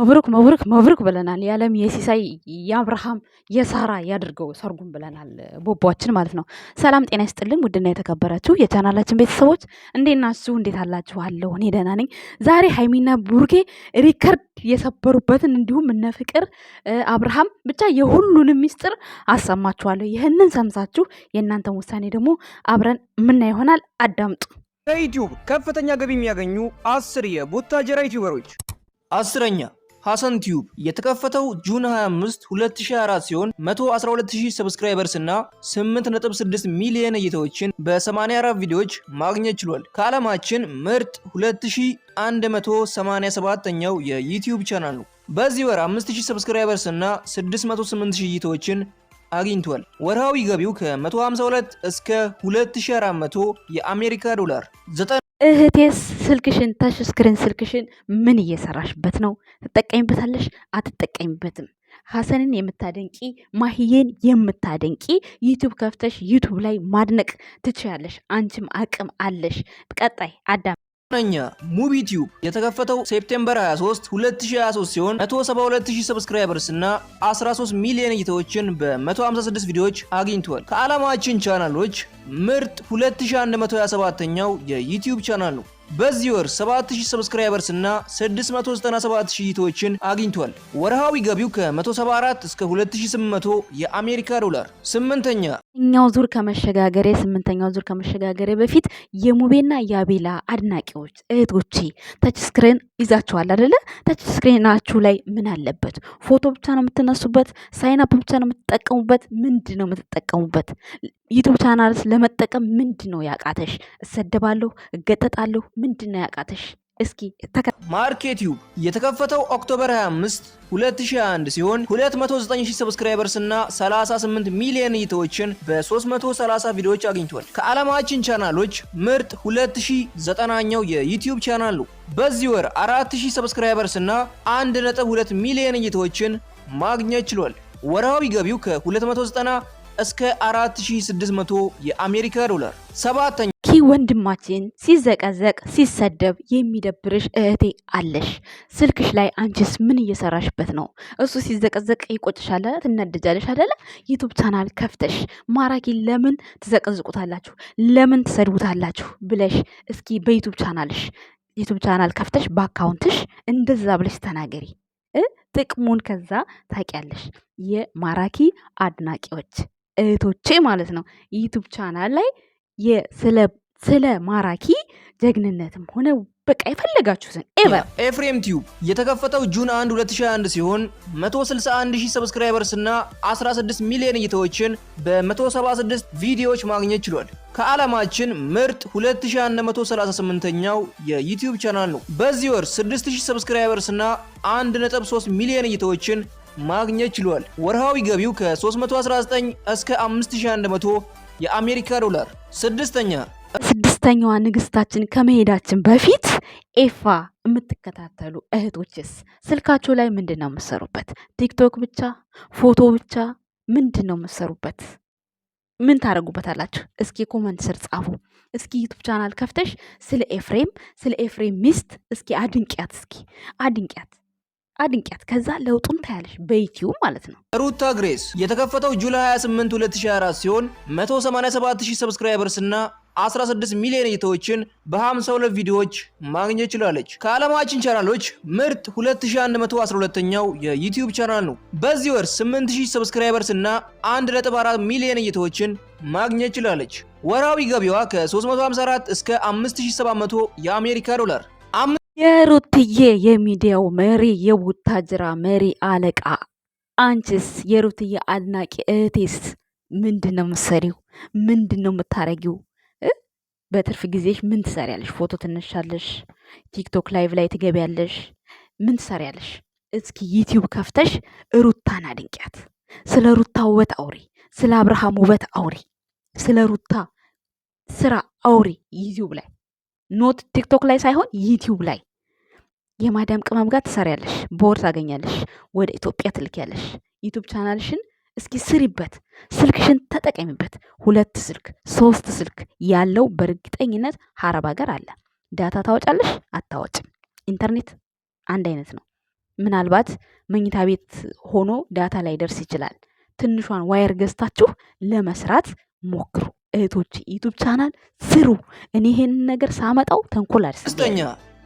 መብሩክ መብሩክ መብሩክ ብለናል። የዓለም የሲሳይ የአብርሃም የሳራ ያድርገው ሰርጉም ብለናል። ቦቧችን ማለት ነው። ሰላም ጤና ይስጥልኝ ውድና የተከበራችሁ የቻናላችን ቤተሰቦች እንዴት ናችሁ? እንዴት አላችሁ? አለሁ እኔ ደህና ነኝ። ዛሬ ሀይሚና ቡርኬ ሪከርድ የሰበሩበትን እንዲሁም እነ ፍቅር አብርሃም ብቻ የሁሉንም ሚስጥር አሰማችኋለሁ። ይህንን ሰምሳችሁ የእናንተን ውሳኔ ደግሞ አብረን ምና ይሆናል። አዳምጡ። ከዩቲዩብ ከፍተኛ ገቢ የሚያገኙ አስር የቡታጀራ ዩቲዩበሮች አስረኛ ሐሰን ቲዩብ የተከፈተው ጁን 25 2024 ሲሆን 112000 ሰብስክራይበርስ እና 8.6 ሚሊዮን እይታዎችን በ84 ቪዲዮዎች ማግኘት ችሏል። ከዓለማችን ምርጥ 2187ኛው የዩቲዩብ ቻናል ነው። በዚህ ወር 5000 ሰብስክራይበርስ እና 68000 እይታዎችን አግኝቷል። ወርሃዊ ገቢው ከ152 እስከ 2400 የአሜሪካ ዶላር እህቴስ ስልክሽን ታች ስክሪን ስልክሽን ምን እየሰራሽበት ነው? ትጠቀሚበታለሽ? አትጠቀሚበትም? ሀሰንን የምታደንቂ ማህዬን የምታደንቂ ዩቱብ ከፍተሽ ዩቱብ ላይ ማድነቅ ትችያለሽ። አንቺም አቅም አለሽ። ቀጣይ አዳም ነኛ ሙቢቲዩብ የተከፈተው ሴፕቴምበር 23 2023 ሲሆን 172000 ሰብስክራይበርስ እና 13 ሚሊዮን እይታዎችን በ156 ቪዲዮዎች አግኝቷል። ከዓላማችን ቻናሎች ምርጥ 2127ኛው የዩቲዩብ ቻናል ነው። በዚህ ወር 7000 ሰብስክራይበርስ እና 697000 እይታዎችን አግኝቷል። ወርሃዊ ገቢው ከ174 እስከ 2800 የአሜሪካ ዶላር። ስምንተኛ ኛው ዙር ከመሸጋገሬ ስምንተኛው ዙር ከመሸጋገሬ በፊት የሙቤና የአቤላ አድናቂዎች እህቶቼ ተች ስክሪን ይዛችኋል አደለ? ተች ስክሪናችሁ ላይ ምን አለበት? ፎቶ ብቻ ነው የምትነሱበት? ሳይናፕ ብቻ ነው የምትጠቀሙበት? ምንድን ነው የምትጠቀሙበት? ዩቱብ ቻናልስ ለመጠቀም ምንድን ነው ያቃተሽ? እሰደባለሁ፣ እገጠጣለሁ፣ ምንድን ነው ያቃተሽ? እስኪ ማርኬት ዩብ የተከፈተው ኦክቶበር 25 2021 ሲሆን ሺህ ሰብስክራይበርስ እና 38 ሚሊዮን እይታዎችን በ330 ቪዲዮዎች አግኝቷል። ከዓለማችን ቻናሎች ምርጥ 2090ኛው የዩቲዩብ ቻናል ነው። በዚህ ወር 4000 ሰብስክራይበርስ እና 1.2 ሚሊዮን እይታዎችን ማግኘት ችሏል። ወርሃዊ ገቢው ከ290 እስከ 4600 የአሜሪካ ዶላር። ሰባተኛ ወንድማችን ሲዘቀዘቅ ሲሰደብ የሚደብርሽ እህቴ አለሽ። ስልክሽ ላይ አንቺስ ምን እየሰራሽበት ነው? እሱ ሲዘቀዘቅ ይቆጭሻል፣ ትናደጃለሽ አደለ? ዩቱብ ቻናል ከፍተሽ ማራኪ ለምን ትዘቀዝቁታላችሁ? ለምን ትሰድቡታላችሁ? ብለሽ እስኪ በዩቱብ ቻናልሽ ዩቱብ ቻናል ከፍተሽ በአካውንትሽ እንደዛ ብለሽ ተናገሪ። ጥቅሙን ከዛ ታውቂያለሽ። የማራኪ አድናቂዎች እህቶቼ ማለት ነው ዩቱብ ቻናል ላይ ስለ ስለ ማራኪ ጀግንነትም ሆነ በቃ የፈለጋችሁትን ኤቨር ኤፍሬም ቲዩብ የተከፈተው ጁን 1 2021 ሲሆን 161 ሺህ ሰብስክራይበርስ እና 16 ሚሊዮን እይታዎችን በ176 ቪዲዮዎች ማግኘት ችሏል። ከዓለማችን ምርጥ 2138ኛው የዩቲዩብ ቻናል ነው። በዚህ ወር 6000 ሰብስክራይበርስ እና 1.3 ሚሊዮን እይታዎችን ማግኘት ችሏል። ወርሃዊ ገቢው ከ319 እስከ 5100 የአሜሪካ ዶላር። ስድስተኛ ሶስተኛዋ ንግስታችን ከመሄዳችን በፊት ኤፋ የምትከታተሉ እህቶችስ ስልካችሁ ላይ ምንድን ነው የምትሰሩበት? ቲክቶክ ብቻ ፎቶ ብቻ ምንድን ነው የምትሰሩበት? ምን ታደርጉበታላችሁ? እስኪ ኮመንት ስር ጻፉ። እስኪ ዩቱብ ቻናል ከፍተሽ ስለ ኤፍሬም ስለ ኤፍሬም ሚስት እስኪ አድንቅያት፣ እስኪ አድንቅያት አድንቅያት ከዛ ለውጡን ታያለሽ፣ በዩቲዩብ ማለት ነው። ሩታ ግሬስ የተከፈተው ጁላይ 28 2024 ሲሆን 187000 ሰብስክራይበርስ እና 16 ሚሊዮን እይታዎችን በ52 ቪዲዮዎች ማግኘት ችላለች። ከዓለማችን ቻናሎች ምርጥ 2112ኛው የዩቲዩብ ቻናል ነው። በዚህ ወር 8000 ሰብስክራይበርስ እና 1.4 ሚሊዮን እይታዎችን ማግኘት ችላለች። ወራዊ ገቢዋ ከ354 እስከ 5700 የአሜሪካ ዶላር የሩትዬ የሚዲያው መሪ የቡታጅራ መሪ አለቃ አንቺስ የሩትዬ አድናቂ እህቴስ ምንድን ነው የምትሰሪው? ምንድን ነው የምታረጊው? በትርፍ ጊዜሽ ምን ትሰሪያለሽ? ፎቶ ትነሻለሽ? ቲክቶክ ላይቭ ላይ ትገቢያለሽ? ምን ትሰሪያለሽ? እስኪ ዩቲዩብ ከፍተሽ ሩታን አድንቂያት። ስለ ሩታ ውበት አውሪ፣ ስለ አብርሃም ውበት አውሪ፣ ስለ ሩታ ስራ አውሪ። ዩቲዩብ ላይ ኖት ቲክቶክ ላይ ሳይሆን ዩቲዩብ ላይ የማዳም ቅመም ጋር ትሰሪያለሽ፣ በወር ታገኛለሽ፣ ወደ ኢትዮጵያ ትልኪያለሽ። ዩቱብ ቻናልሽን እስኪ ስሪበት። ስልክሽን ተጠቀሚበት። ሁለት ስልክ፣ ሶስት ስልክ ያለው በእርግጠኝነት ሀረብ ሀገር አለ። ዳታ ታወጫለሽ አታወጭም። ኢንተርኔት አንድ አይነት ነው። ምናልባት መኝታ ቤት ሆኖ ዳታ ላይ ደርስ ይችላል። ትንሿን ዋየር ገዝታችሁ ለመስራት ሞክሩ እህቶች። ዩቱብ ቻናል ስሩ። እኔ ይሄንን ነገር ሳመጣው ተንኮል አልስ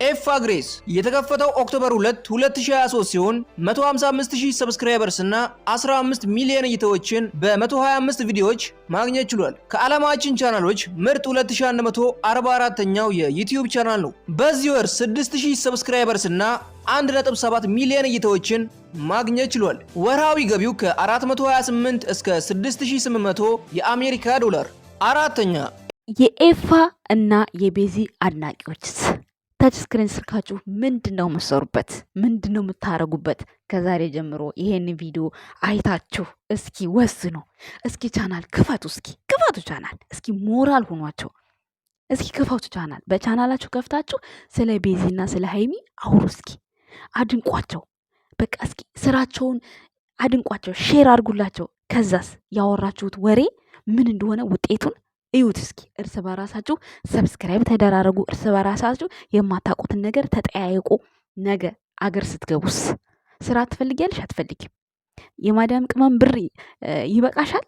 ኤፋ ግሬስ የተከፈተው ኦክቶበር 2 2023 ሲሆን 155000 ሰብስክራይበርስ እና 15 ሚሊዮን እይታዎችን በ125 ቪዲዮዎች ማግኘት ችሏል። ከዓለማችን ቻናሎች ምርጥ 2144ኛው የዩቲዩብ ቻናል ነው። በዚህ ወር 6000 ሰብስክራይበርስ እና 1.7 ሚሊዮን እይታዎችን ማግኘት ችሏል። ወርሃዊ ገቢው ከ428 እስከ 6800 የአሜሪካ ዶላር። አራተኛ የኤፋ እና የቤዚ አድናቂዎችስ ታች ስክሪን ስልካችሁ ምንድን ነው የምትሰሩበት? ምንድን ነው ከዛሬ ጀምሮ ይሄን ቪዲዮ አይታችሁ እስኪ ወስኑ። እስኪ ቻናል ክፈቱ። እስኪ ክፈቱ ቻናል እስኪ ሞራል ሁኗቸው። እስኪ ክፈቱ ቻናል። በቻናላችሁ ከፍታችሁ ስለ ቤዚና ስለ ሀይሚ አውሩ። እስኪ አድንቋቸው። በቃ እስኪ ስራቸውን አድንቋቸው፣ ሼር አድርጉላቸው። ከዛስ ያወራችሁት ወሬ ምን እንደሆነ ውጤቱን እዩት እስኪ እርስ በራሳችሁ ሰብስክራይብ ተደራረጉ። እርስ በራሳችሁ የማታውቁትን ነገር ተጠያይቁ ነገ አገር ስትገቡስ ስራ ትፈልጊያለሽ አትፈልጊም? የማዳም ቅመም ብር ይበቃሻል?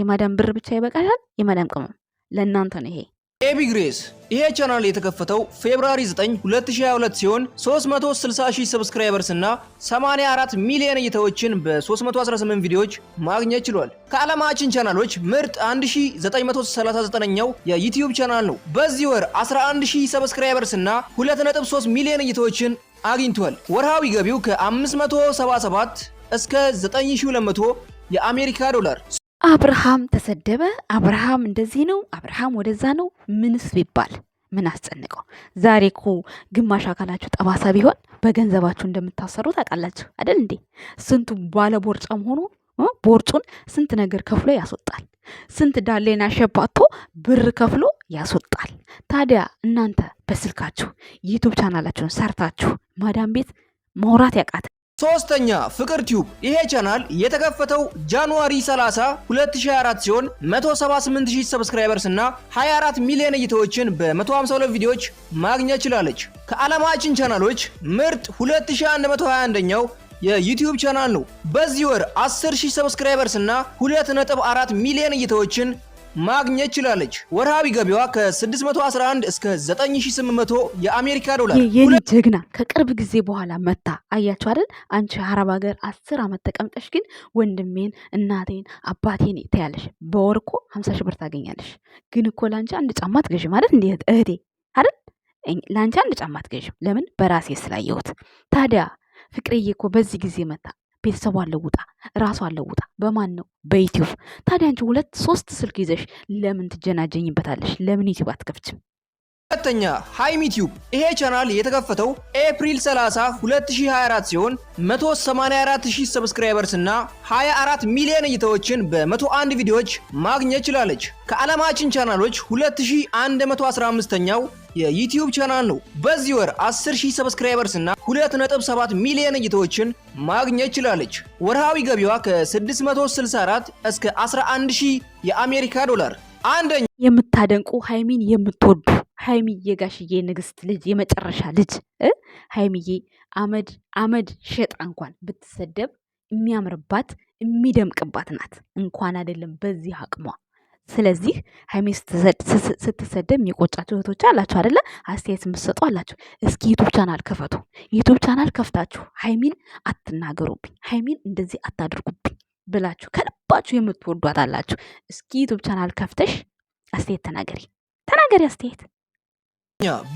የማዳም ብር ብቻ ይበቃሻል? የማዳም ቅመም ለእናንተ ነው ይሄ። ኤቢ ግሬስ ይሄ ቻናል የተከፈተው ፌብራሪ 9 2022 ሲሆን 360 ሺህ ሰብስክራይበርስ እና 84 ሚሊዮን እይታዎችን በ318 ቪዲዮዎች ማግኘት ችሏል። ከዓለማችን ቻናሎች ምርጥ 1939ኛው የዩቲዩብ ቻናል ነው። በዚህ ወር 11 ሺህ ሰብስክራይበርስ እና 2.3 ሚሊዮን እይታዎችን አግኝቷል። ወርሃዊ ገቢው ከ577 እስከ 9200 የአሜሪካ ዶላር አብርሃም ተሰደበ፣ አብርሃም እንደዚህ ነው፣ አብርሃም ወደዛ ነው። ምንስ ቢባል ምን አስጨንቀው? ዛሬ እኮ ግማሽ አካላችሁ ጠባሳ ቢሆን በገንዘባችሁ እንደምታሰሩ ታውቃላችሁ አይደል እንዴ? ስንቱ ባለ ቦርጫም ሆኖ ቦርጩን ስንት ነገር ከፍሎ ያስወጣል። ስንት ዳሌን አሸባቶ ብር ከፍሎ ያስወጣል። ታዲያ እናንተ በስልካችሁ ዩቱብ ቻናላችሁን ሰርታችሁ ማዳም ቤት ማውራት ያቃት ሶስተኛ ፍቅር ቲዩብ ይሄ ቻናል የተከፈተው ጃንዋሪ 30 2024 ሲሆን 178000 ሰብስክራይበርስ እና 24 ሚሊዮን እይታዎችን በ152 ቪዲዮዎች ማግኘት ችላለች። ከዓለማችን ቻናሎች ምርጥ 2121ኛው የዩቲዩብ ቻናል ነው። በዚህ ወር 10000 ሰብስክራይበርስ እና 2.4 ሚሊዮን እይታዎችን ማግኘት ችላለች። ወርሃዊ ገቢዋ ከ611 እስከ 9800 የአሜሪካ ዶላር። የኔ ጀግና ከቅርብ ጊዜ በኋላ መታ አያችሁ አይደል? አንቺ አረብ ሀገር አስር ዓመት ተቀምጠሽ ግን ወንድሜን እናቴን አባቴን ትያለሽ። በወር እኮ 50 ሺህ ብር ታገኛለሽ። ግን እኮ ለአንቺ አንድ ጫማ አትገዢም ማለት እንዴ እህቴ አይደል? ለአንቺ አንድ ጫማ አትገዢም። ለምን? በራሴ ስላየሁት ታዲያ ፍቅርዬ እኮ በዚህ ጊዜ መታ ቤተሰቧ አለውጣ ራሷ አለውጣ በማን ነው? በዩቲዩብ። ታዲያ አንቺ ሁለት ሶስት ስልክ ይዘሽ ለምን ትጀናጀኝበታለሽ? ለምን ዩትዩብ አትከፍችም? ሁለተኛ ሃይሚ ቲዩብ። ይሄ ቻናል የተከፈተው ኤፕሪል 30 2024 ሲሆን 184000 ሰብስክራይበርስ እና 24 ሚሊዮን እይታዎችን በ101 ቪዲዮዎች ማግኘት ችላለች። ከዓለማችን ቻናሎች 2115ኛው የዩቲዩብ ቻናል ነው። በዚህ ወር 10000 ሰብስክራይበርስ እና 2.7 ሚሊዮን እይታዎችን ማግኘት ችላለች። ወርሃዊ ገቢዋ ከ664 እስከ 11000 የአሜሪካ ዶላር። አንደኛ የምታደንቁ ሃይሚን የምትወዱ ሃይሚዬ የጋሽዬ ንግስት ልጅ የመጨረሻ ልጅ ሃይሚዬ አመድ አመድ ሸጣ እንኳን ብትሰደብ የሚያምርባት የሚደምቅባት ናት። እንኳን አይደለም በዚህ አቅሟ ስለዚህ ሀይሚ ስትሰደብ የሚቆጫቸው እህቶች አላችሁ አደለ? አስተያየት የምትሰጡ አላችሁ። እስኪ ዩቱብ ቻናል ክፈቱ። ዩቱብ ቻናል ከፍታችሁ ሀይሚን አትናገሩብኝ፣ ሀይሚን እንደዚህ አታድርጉብኝ ብላችሁ ከልባችሁ የምትወዷት አላችሁ። እስኪ ዩቱብ ቻናል ከፍተሽ አስተያየት ተናገሪ፣ ተናገሪ አስተያየት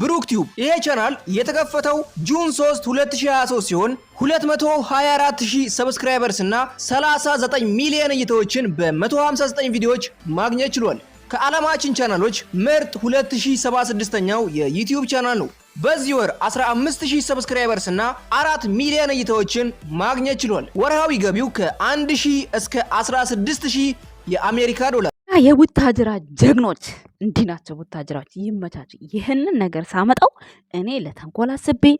ብሩክ ቲዩብ ይሄ ቻናል የተከፈተው ጁን 3 2023 ሲሆን 224000 ሰብስክራይበርስ እና 39 ሚሊዮን እይታዎችን በ159 ቪዲዮዎች ማግኘት ችሏል። ከዓለማችን ቻናሎች ምርጥ 2076ኛው የዩቲዩብ ቻናል ነው። በዚህ ወር 15000 ሰብስክራይበርስ እና 4 ሚሊዮን እይታዎችን ማግኘት ችሏል። ወርሃዊ ገቢው ከ1000 እስከ 16000 የአሜሪካ ዶላር የቡታጅራ ጀግኖች እንዲህ ናቸው። ቡታጅራዎች ይመቻችሁ። ይህንን ነገር ሳመጣው እኔ ለተንኮል አስቤ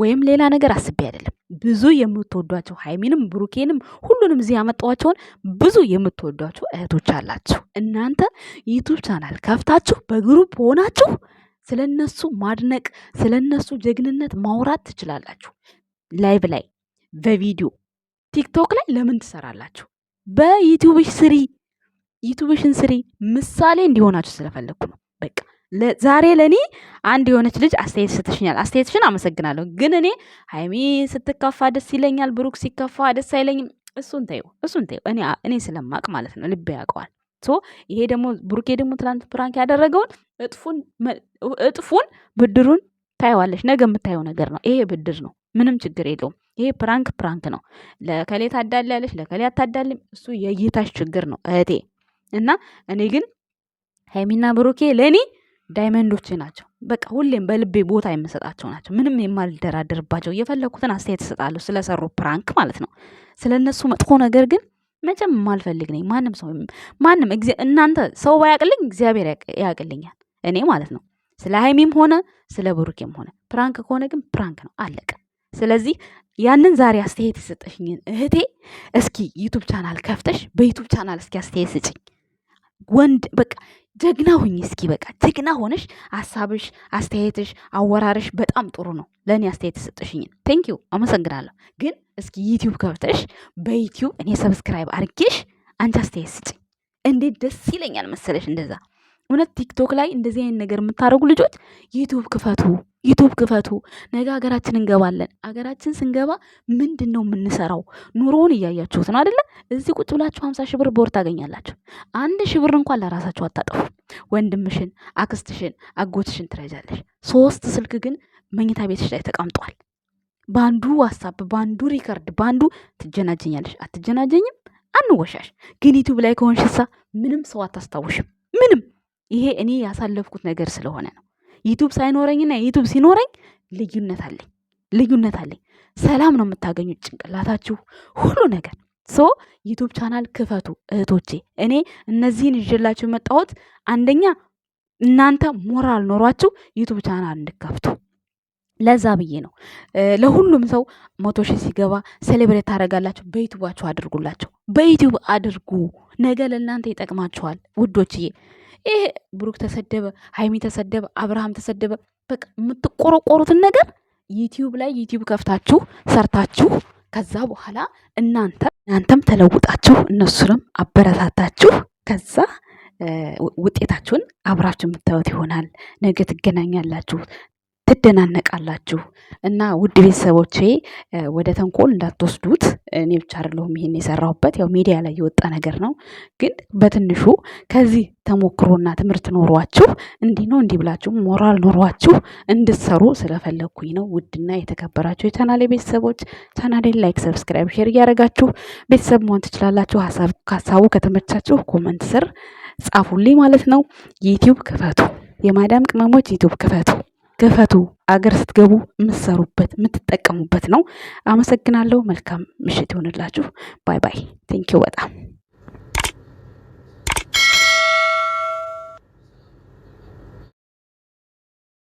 ወይም ሌላ ነገር አስቤ አይደለም። ብዙ የምትወዷቸው ሀይሚንም ብሩኬንም ሁሉንም እዚህ ያመጣዋቸውን ብዙ የምትወዷቸው እህቶች አላችሁ። እናንተ ዩቱብ ቻናል ከፍታችሁ በግሩፕ ሆናችሁ ስለነሱ ማድነቅ ስለነሱ ጀግንነት ማውራት ትችላላችሁ። ላይቭ ላይ በቪዲዮ ቲክቶክ ላይ ለምን ትሰራላችሁ? በዩቲዩብ ስሪ። ዩቱብሽን ስሪ ምሳሌ እንዲሆናችሁ ስለፈለግኩ ነው። በቃ ዛሬ ለእኔ አንድ የሆነች ልጅ አስተያየት ስትሽኛል። አስተያየትሽን አመሰግናለሁ። ግን እኔ ሀይሚ ስትከፋ ደስ ይለኛል፣ ብሩክ ሲከፋ ደስ አይለኝም። እሱን ተይው፣ እሱን ተይው። እኔ ስለማቅ ማለት ነው፣ ልብ ያውቀዋል። ይሄ ደግሞ ብሩኬ ደግሞ ትላንት ፕራንክ ያደረገውን እጥፉን ብድሩን ታየዋለች። ነገ የምታየው ነገር ነው። ይሄ ብድር ነው፣ ምንም ችግር የለውም። ይሄ ፕራንክ ፕራንክ ነው። ለከሌ ታዳል ያለች ለከሌ አታዳልም። እሱ የእይታሽ ችግር ነው እህቴ። እና እኔ ግን ሀይሚና ብሩኬ ለእኔ ዳይመንዶቼ ናቸው። በቃ ሁሌም በልቤ ቦታ የምሰጣቸው ናቸው። ምንም የማልደራደርባቸው እየፈለግኩትን አስተያየት እሰጣለሁ፣ ስለሰሩ ፕራንክ ማለት ነው። ስለ እነሱ መጥፎ ነገር ግን መቼም የማልፈልግ ነኝ። ማንም ሰው ማንም እናንተ ሰው ባያቅልኝ እግዚአብሔር ያቅልኛል፣ እኔ ማለት ነው። ስለ ሀይሚም ሆነ ስለ ብሩኬም ሆነ ፕራንክ ከሆነ ግን ፕራንክ ነው፣ አለቀ። ስለዚህ ያንን ዛሬ አስተያየት የሰጠሽኝን እህቴ እስኪ ዩቱብ ቻናል ከፍተሽ በዩቱብ ቻናል እስኪ አስተያየት ስጭኝ። ወንድ በቃ ጀግና ሁኝ። እስኪ በቃ ጀግና ሆነሽ ሀሳብሽ፣ አስተያየትሽ፣ አወራርሽ በጣም ጥሩ ነው። ለእኔ አስተያየት የሰጠሽኝን ቴንክ ዩ አመሰግናለሁ። ግን እስኪ ዩቲዩብ ከፍተሽ በዩቲዩብ እኔ ሰብስክራይብ አድርጌሽ አንቺ አስተያየት ስጭኝ። እንዴት ደስ ይለኛል መሰለሽ እንደዛ። እውነት ቲክቶክ ላይ እንደዚህ አይነት ነገር የምታደርጉ ልጆች ዩቲዩብ ክፈቱ። ዩቱብ ክፈቱ። ነገ ሀገራችን እንገባለን። ሀገራችን ስንገባ ምንድን ነው የምንሰራው? ኑሮውን እያያችሁት ነው አደለ? እዚህ ቁጭ ብላችሁ ሀምሳ ሺህ ብር በወር ታገኛላችሁ። አንድ ሺህ ብር እንኳን ለራሳችሁ አታጠፉ። ወንድምሽን፣ አክስትሽን፣ አጎትሽን ትረጃለሽ። ሶስት ስልክ ግን መኝታ ቤትሽ ላይ ተቀምጧል። በአንዱ ዋትሳፕ፣ በአንዱ ሪከርድ፣ በአንዱ ትጀናጀኛለሽ። አትጀናጀኝም? አንወሻሽ። ግን ዩቱብ ላይ ከሆንሽሳ ምንም ሰው አታስታውሽም። ምንም ይሄ እኔ ያሳለፍኩት ነገር ስለሆነ ነው። ዩቱብ ሳይኖረኝና ዩቱብ ሲኖረኝ ልዩነት አለኝ ልዩነት አለኝ። ሰላም ነው የምታገኙት ጭንቅላታችሁ ሁሉ ነገር። ሶ ዩቱብ ቻናል ክፈቱ እህቶቼ። እኔ እነዚህን ይዤላችሁ የመጣሁት አንደኛ እናንተ ሞራል ኖሯችሁ ዩቱብ ቻናል እንድከፍቱ ለዛ ብዬ ነው። ለሁሉም ሰው መቶ ሺህ ሲገባ ሴሌብሬት ታደርጋላችሁ። በዩቱባችሁ አድርጉላቸው፣ በዩቱብ አድርጉ። ነገ ለእናንተ ይጠቅማችኋል ውዶችዬ። ይሄ ብሩክ ተሰደበ፣ ሀይሚ ተሰደበ፣ አብርሃም ተሰደበ፣ በቃ የምትቆረቆሩትን ነገር ዩቲዩብ ላይ ዩቲዩብ ከፍታችሁ ሰርታችሁ ከዛ በኋላ እናንተ እናንተም ተለውጣችሁ እነሱንም አበረታታችሁ ከዛ ውጤታችሁን አብራችሁ የምታዩት ይሆናል። ነገ ትገናኛላችሁ። ትደናነቃላችሁ እና ውድ ቤተሰቦቼ ወደ ተንኮል እንዳትወስዱት። እኔ ብቻ አይደለሁም ይሄን የሰራሁበት ያው ሚዲያ ላይ የወጣ ነገር ነው። ግን በትንሹ ከዚህ ተሞክሮና ትምህርት ኖሯችሁ እንዲህ ነው እንዲህ ብላችሁ ሞራል ኖሯችሁ እንድትሰሩ ስለፈለግኩኝ ነው። ውድና የተከበራችሁ የቻናሌ ቤተሰቦች ቻናሌን ላይክ፣ ሰብስክራይብ፣ ሼር እያደረጋችሁ ቤተሰብ መሆን ትችላላችሁ። ሀሳቡ ከተመቻችሁ ኮመንት ስር ጻፉልኝ ማለት ነው። ዩቲዩብ ክፈቱ፣ የማዳም ቅመሞች ዩቲዩብ ክፈቱ። ክፈቱ። አገር ስትገቡ የምትሰሩበት የምትጠቀሙበት ነው። አመሰግናለሁ። መልካም ምሽት ይሆንላችሁ። ባይ ባይ። ቴንኪው በጣም